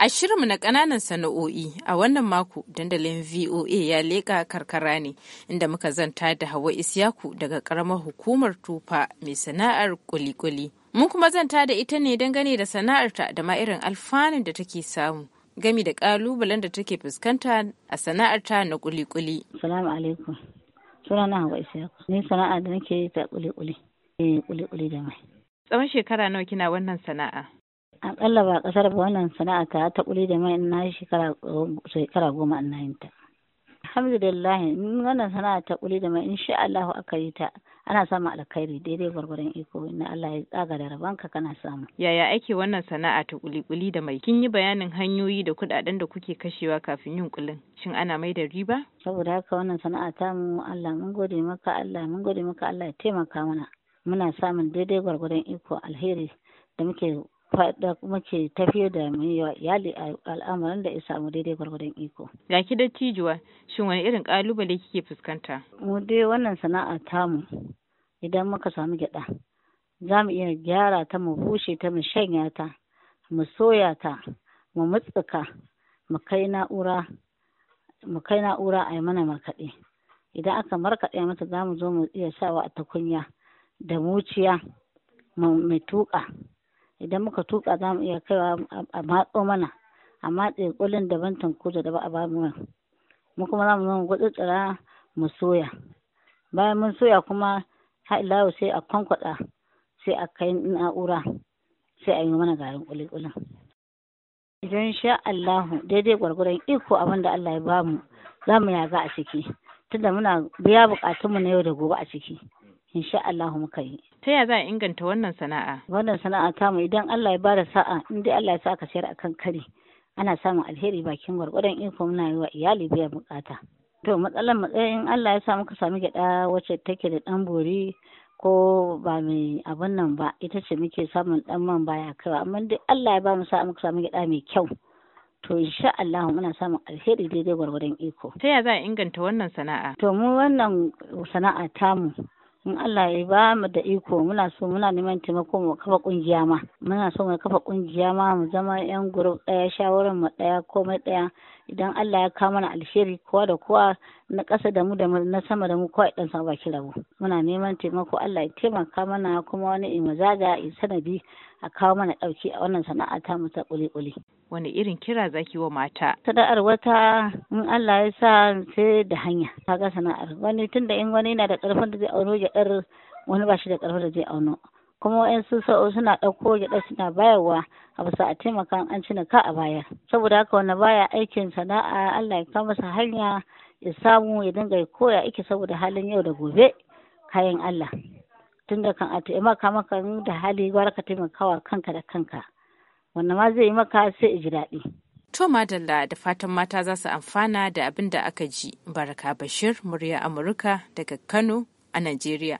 A shirinmu na ƙananan sana'o'i a wannan mako dandalin VOA ya leƙa karkara ne inda muka zanta da Hawa Isyaku daga ƙaramar hukumar tufa mai sana'ar kuli Mun kuma zanta da ita ne dangane da sana'arta da ma irin alfanun da take samu. Gami da ƙalubalen da take fuskanta a sana'arta na kuli Salamu alaikum. Sunana Hawa Isyaku. Ni sana'a da nake ta kulikuli. Eh kuli da mai. Tsawon shekara nawa kina wannan sana'a? akalla ba kasar ba wannan sana'a ta ta kuli da mai na shekara goma an nayin ta alhamdulillah wannan sana'a ta kuli da mai insha Allah aka yi ta ana samun alkhairi daidai gwargwaron iko Ina Allah ya tsaga da rabanka kana samu. Yaya ake wannan sana'a ta kuli-kuli da mai? Kin yi bayanin hanyoyi da kuɗaɗen da kuke kashewa kafin yin kulin. Shin ana mai da riba? Saboda haka wannan sana'a ta mu Allah mun gode maka Allah mun gode maka Allah ya taimaka mana. Muna samun daidai gwargwaron iko alheri da muke faɗa kuma ke tafiye da mai iyali al'amarin da ya samu daidai gwargwadon iko. Ya ki dattijuwa, shin wani irin ƙalubale kike fuskanta? Mu dai wannan sana'a tamu idan muka samu gyaɗa za mu iya gyara ta mu bushe ta mu shanya ta mu soya ta mu mutsuka mu kai na'ura mu kai na'ura a yi mana markaɗe idan aka markaɗe mata za mu zo mu iya sawa a takunya da muciya mu tuƙa idan muka tuka za mu iya kaiwa a matso mana amma tsirkulin daban tankuda da ba a bamu mu kuma za mu zo mu gutsutsura mu soya bayan mun soya kuma har ila sai a kwankwada sai a kai na'ura sai a yi mana garin kulikulin idan sha Allahu daidai gwargwaron iko abin da Allah ya bamu za mu yaga a ciki tunda muna biya bukatunmu na yau da gobe a ciki insha Allahu muka yi ta ya za a inganta wannan sana'a wannan sana'a tamu idan Allah ya bada sa'a in dai Allah ya sa ka sayar akan kare ana samun alheri bakin gwargwadon iko muna yi wa iyali biya bukata to matsalar matsayin eh, Allah ya sa muka sami gyaɗa wacce take da dan bori ko ba mai abun nan ba ita ce muke samun ɗan man baya kawai amma dai Allah ya ba mu sa'a muka sami gyaɗa mai kyau to insha Allah muna samun alheri daidai gwargwadon iko. Ta ya za a inganta wannan sana'a? To mu wannan sana'a tamu in Allah ya ba mu da iko muna so muna neman taimako mu kafa kungiya ma muna so mu kafa kungiya ma mu zama yan group daya shawaran mu daya komai daya idan Allah ya kawo mana alheri kowa da kowa na ƙasa da mu da na sama da mu kowa idan sa baki rabu muna neman taimako Allah ya taimaka mana kuma wani imazaga sanadi a kawo mana dauki a wannan sana'a ta mu ta kuli kuli wani irin kira zaki wa mata sana'ar wata in Allah ya sa sai da hanya kaga sana'ar wani tunda in wani yana da karfin da zai auno gyaɗar wani ba shi da karfin da zai auno kuma wa'yansu sa'o suna ɗauko gyaɗar suna bayarwa a bisa a taimaka an ci ka a baya. saboda haka wani baya aikin sana'a Allah ya kawo masa hanya ya samu ya dinga koya ike saboda halin yau da gobe kayan Allah tun da kan a taimaka maka da hali gwara ka taimakawa kanka da kanka wanda ma zai yi maka sai ji daɗi. To Madalla da fatan mata za su amfana da abin da aka ji. Baraka Bashir, murya Amurka daga Kano a Najeriya.